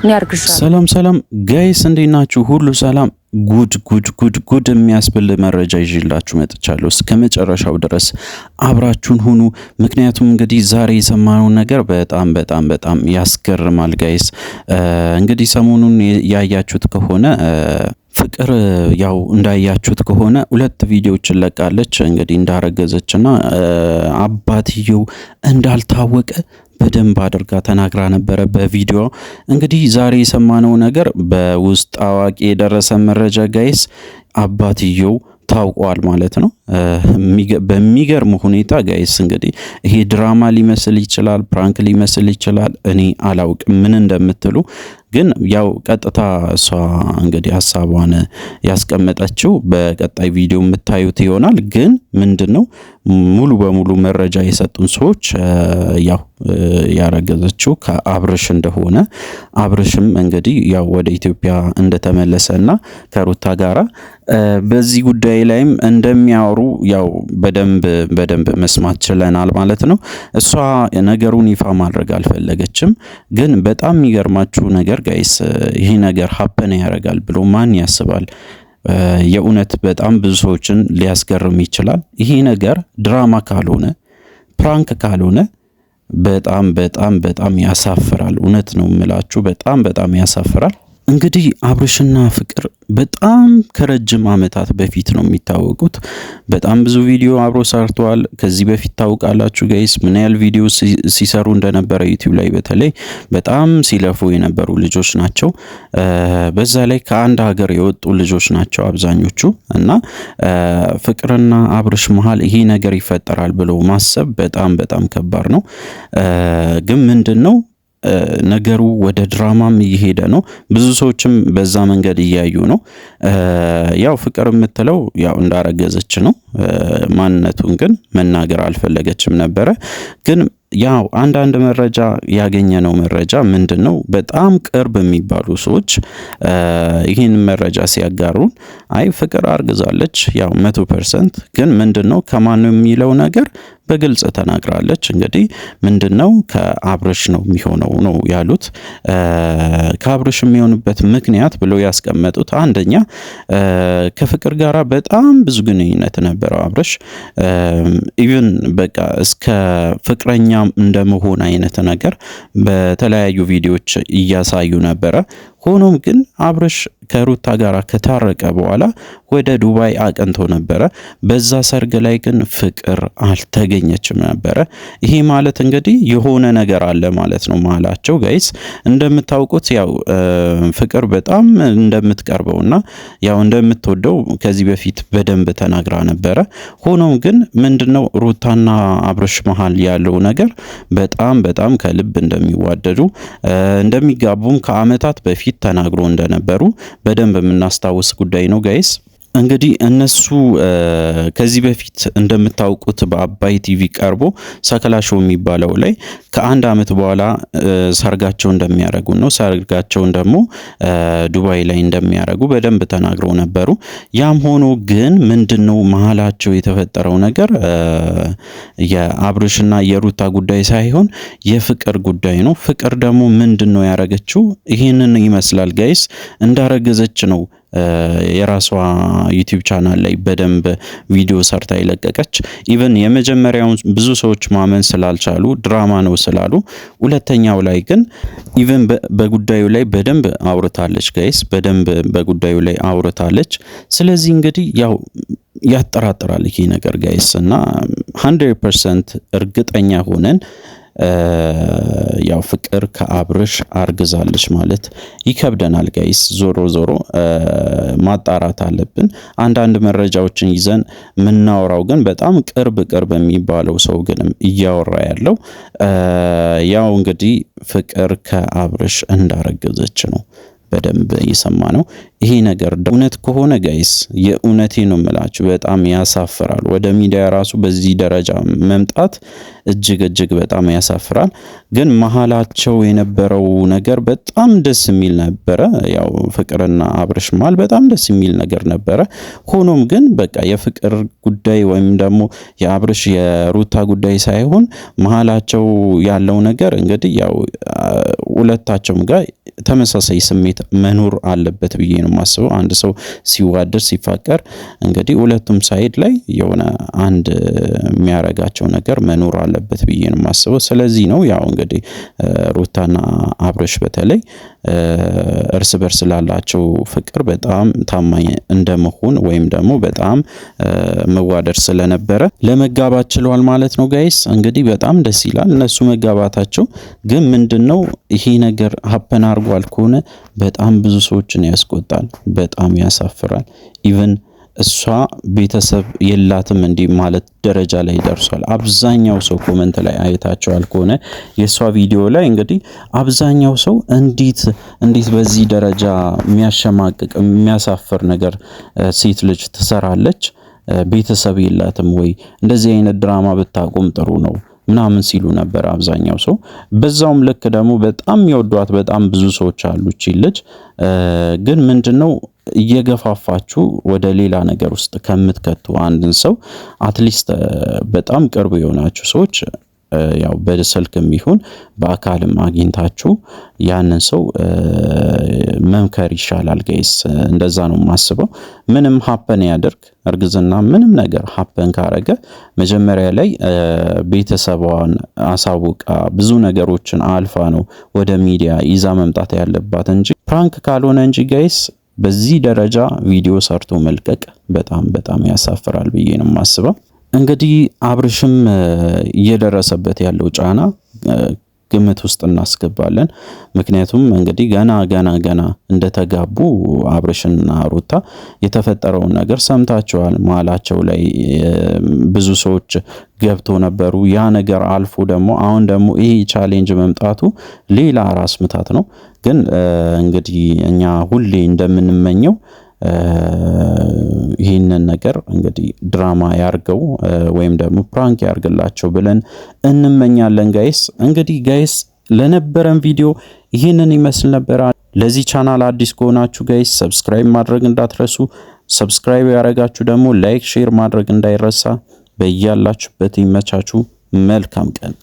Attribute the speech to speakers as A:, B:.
A: ሰላም
B: ሰላም ጋይስ እንዴት ናችሁ? ሁሉ ሰላም? ጉድ ጉድ ጉድ ጉድ የሚያስብል መረጃ ይዤላችሁ መጥቻለሁ። እስከ መጨረሻው ድረስ አብራችሁን ሁኑ። ምክንያቱም እንግዲህ ዛሬ የሰማነው ነገር በጣም በጣም በጣም ያስገርማል ጋይስ። እንግዲህ ሰሞኑን ያያችሁት ከሆነ ፍቅር ያው እንዳያችሁት ከሆነ ሁለት ቪዲዮዎች ለቃለች። እንግዲህ እንዳረገዘችና አባትየው እንዳልታወቀ በደንብ አድርጋ ተናግራ ነበረ በቪዲዮ። እንግዲህ ዛሬ የሰማነው ነገር በውስጥ አዋቂ የደረሰ መረጃ ጋይስ አባትየው ታውቋል ማለት ነው። በሚገርም ሁኔታ ጋይስ እንግዲህ ይሄ ድራማ ሊመስል ይችላል፣ ፕራንክ ሊመስል ይችላል። እኔ አላውቅ ምን እንደምትሉ ግን ያው ቀጥታ እሷ እንግዲህ ሀሳቧን ያስቀመጠችው በቀጣይ ቪዲዮ የምታዩት ይሆናል። ግን ምንድን ነው ሙሉ በሙሉ መረጃ የሰጡን ሰዎች ያው ያረገዘችው ከአብርሽ እንደሆነ አብርሽም እንግዲህ ያው ወደ ኢትዮጵያ እንደተመለሰ እና ከሩታ ጋራ በዚህ ጉዳይ ላይም እንደሚያወሩ ያው በደንብ በደንብ መስማት ችለናል ማለት ነው። እሷ ነገሩን ይፋ ማድረግ አልፈለገችም። ግን በጣም የሚገርማችሁ ነገር ጋይስ ይህ ነገር ሀፕን ያደርጋል ብሎ ማን ያስባል? የእውነት በጣም ብዙ ሰዎችን ሊያስገርም ይችላል። ይሄ ነገር ድራማ ካልሆነ ፕራንክ ካልሆነ በጣም በጣም በጣም ያሳፍራል። እውነት ነው የምላችሁ፣ በጣም በጣም ያሳፍራል። እንግዲህ አብርሽና ፍቅር በጣም ከረጅም ዓመታት በፊት ነው የሚታወቁት። በጣም ብዙ ቪዲዮ አብሮ ሰርተዋል። ከዚህ በፊት ታውቃላችሁ ጋይስ ምን ያህል ቪዲዮ ሲሰሩ እንደነበረ ዩቲዩብ ላይ በተለይ በጣም ሲለፉ የነበሩ ልጆች ናቸው። በዛ ላይ ከአንድ ሀገር የወጡ ልጆች ናቸው አብዛኞቹ እና ፍቅርና አብርሽ መሀል ይሄ ነገር ይፈጠራል ብሎ ማሰብ በጣም በጣም ከባድ ነው። ግን ምንድን ነው ነገሩ ወደ ድራማም እየሄደ ነው። ብዙ ሰዎችም በዛ መንገድ እያዩ ነው። ያው ፍቅር የምትለው ያው እንዳረገዘች ነው። ማንነቱን ግን መናገር አልፈለገችም ነበረ። ግን ያው አንዳንድ መረጃ ያገኘነው መረጃ ምንድን ነው፣ በጣም ቅርብ የሚባሉ ሰዎች ይህን መረጃ ሲያጋሩን አይ ፍቅር አርግዛለች ያው መቶ ፐርሰንት ግን ምንድን ነው ከማን የሚለው ነገር በግልጽ ተናግራለች። እንግዲህ ምንድን ነው ከአብርሽ ነው የሚሆነው ነው ያሉት። ከአብርሽ የሚሆንበት ምክንያት ብለው ያስቀመጡት አንደኛ ከፍቅር ጋራ በጣም ብዙ ግንኙነት ነበረው አብርሽ ኢቭን በቃ እስከ ፍቅረኛ እንደመሆን አይነት ነገር በተለያዩ ቪዲዮዎች እያሳዩ ነበረ። ሆኖም ግን አብርሽ ከሩታ ጋር ከታረቀ በኋላ ወደ ዱባይ አቅንቶ ነበረ። በዛ ሰርግ ላይ ግን ፍቅር አልተገኘችም ነበረ። ይሄ ማለት እንግዲህ የሆነ ነገር አለ ማለት ነው ማላቸው። ጋይስ እንደምታውቁት ያው ፍቅር በጣም እንደምትቀርበውና ያው እንደምትወደው ከዚህ በፊት በደንብ ተናግራ ነበረ። ሆኖም ግን ምንድነው ሩታና አብርሽ መሀል ያለው ነገር በጣም በጣም ከልብ እንደሚዋደዱ እንደሚጋቡም ከአመታት በፊት በፊት ተናግሮ እንደነበሩ በደንብ የምናስታውስ ጉዳይ ነው ጋይስ። እንግዲህ እነሱ ከዚህ በፊት እንደምታውቁት በአባይ ቲቪ ቀርቦ ሰከላ ሾው የሚባለው ላይ ከአንድ አመት በኋላ ሰርጋቸው እንደሚያደርጉ ነው። ሰርጋቸውን ደግሞ ዱባይ ላይ እንደሚያደርጉ በደንብ ተናግረው ነበሩ። ያም ሆኖ ግን ምንድን ነው መሀላቸው የተፈጠረው ነገር የአብርሽና የሩታ ጉዳይ ሳይሆን የፍቅር ጉዳይ ነው። ፍቅር ደግሞ ምንድን ነው ያደረገችው? ይህንን ይመስላል ጋይስ እንዳረገዘች ነው የራሷ ዩቲዩብ ቻናል ላይ በደንብ ቪዲዮ ሰርታ የለቀቀች ኢቨን የመጀመሪያውን ብዙ ሰዎች ማመን ስላልቻሉ ድራማ ነው ስላሉ፣ ሁለተኛው ላይ ግን ኢቨን በጉዳዩ ላይ በደንብ አውርታለች። ጋይስ በደንብ በጉዳዩ ላይ አውርታለች። ስለዚህ እንግዲህ ያው ያጠራጥራል ይሄ ነገር ጋይስ እና 100 ፐርሰንት እርግጠኛ ሆነን ያው ፍቅር ከአብርሽ አርግዛለች ማለት ይከብደናል ጋይስ። ዞሮ ዞሮ ማጣራት አለብን። አንዳንድ መረጃዎችን ይዘን ምናወራው ግን በጣም ቅርብ ቅርብ የሚባለው ሰው ግንም እያወራ ያለው ያው እንግዲህ ፍቅር ከአብርሽ እንዳረገዘች ነው። በደንብ እየሰማ ነው። ይሄ ነገር እውነት ከሆነ ጋይስ የእውነቴ ነው የምላችሁ፣ በጣም ያሳፍራል። ወደ ሚዲያ ራሱ በዚህ ደረጃ መምጣት እጅግ እጅግ በጣም ያሳፍራል። ግን መሀላቸው የነበረው ነገር በጣም ደስ የሚል ነበረ። ያው ፍቅርና አብርሽ መሀል በጣም ደስ የሚል ነገር ነበረ። ሆኖም ግን በቃ የፍቅር ጉዳይ ወይም ደግሞ የአብርሽ የሩታ ጉዳይ ሳይሆን መሀላቸው ያለው ነገር እንግዲህ ያው ሁለታቸውም ጋር ተመሳሳይ ስሜት መኖር አለበት ብዬ ነው የማስበው። አንድ ሰው ሲዋደድ ሲፋቀር እንግዲህ ሁለቱም ሳይድ ላይ የሆነ አንድ የሚያረጋቸው ነገር መኖር አለበት ብዬ ነው የማስበው። ስለዚህ ነው ያው እንግዲህ ሩታና አብረሽ በተለይ እርስ በርስ ላላቸው ፍቅር በጣም ታማኝ እንደመሆን ወይም ደግሞ በጣም መዋደድ ስለነበረ ለመጋባት ችሏል ማለት ነው። ጋይስ እንግዲህ በጣም ደስ ይላል እነሱ መጋባታቸው። ግን ምንድን ነው ይሄ ነገር ሀፐን አድርጓል ከሆነ በጣም ብዙ ሰዎችን ያስቆጣል፣ በጣም ያሳፍራል ኢቨን እሷ ቤተሰብ የላትም እንዲህ ማለት ደረጃ ላይ ደርሷል። አብዛኛው ሰው ኮመንት ላይ አይታቸዋል ከሆነ የእሷ ቪዲዮ ላይ እንግዲህ አብዛኛው ሰው እንዴት እንዴት በዚህ ደረጃ የሚያሸማቅቅ የሚያሳፍር ነገር ሴት ልጅ ትሰራለች ቤተሰብ የላትም ወይ? እንደዚህ አይነት ድራማ ብታቆም ጥሩ ነው። ምናምን ሲሉ ነበር አብዛኛው ሰው። በዛውም ልክ ደግሞ በጣም የሚወዷት በጣም ብዙ ሰዎች አሉ። እቺ ልጅ ግን ምንድነው እየገፋፋችሁ ወደ ሌላ ነገር ውስጥ ከምትከቱ አንድን ሰው አትሊስት በጣም ቅርብ የሆናችሁ ሰዎች ያው በስልክም ይሁን በአካልም አግኝታችሁ ያንን ሰው መምከር ይሻላል ጋይስ። እንደዛ ነው የማስበው። ምንም ሀፐን ያደርግ እርግዝና ምንም ነገር ሀፐን ካረገ መጀመሪያ ላይ ቤተሰቧን አሳውቃ ብዙ ነገሮችን አልፋ ነው ወደ ሚዲያ ይዛ መምጣት ያለባት እንጂ ፕራንክ ካልሆነ እንጂ ጋይስ በዚህ ደረጃ ቪዲዮ ሰርቶ መልቀቅ በጣም በጣም ያሳፍራል ብዬ ነው የማስበው። እንግዲህ አብርሽም እየደረሰበት ያለው ጫና ግምት ውስጥ እናስገባለን። ምክንያቱም እንግዲህ ገና ገና ገና እንደተጋቡ አብርሽና ሩታ የተፈጠረውን ነገር ሰምታችኋል። መሀላቸው ላይ ብዙ ሰዎች ገብቶ ነበሩ። ያ ነገር አልፎ ደግሞ አሁን ደግሞ ይሄ ቻሌንጅ መምጣቱ ሌላ ራስ ምታት ነው። ግን እንግዲህ እኛ ሁሌ እንደምንመኘው ይህንን ነገር እንግዲህ ድራማ ያርገው ወይም ደግሞ ፕራንክ ያርግላቸው ብለን እንመኛለን። ጋይስ እንግዲህ ጋይስ ለነበረን ቪዲዮ ይህንን ይመስል ነበር። ለዚህ ቻናል አዲስ ከሆናችሁ ጋይስ ሰብስክራይብ ማድረግ እንዳትረሱ። ሰብስክራይብ ያደረጋችሁ ደግሞ ላይክ፣ ሼር ማድረግ እንዳይረሳ። በያላችሁበት ይመቻችሁ። መልካም ቀን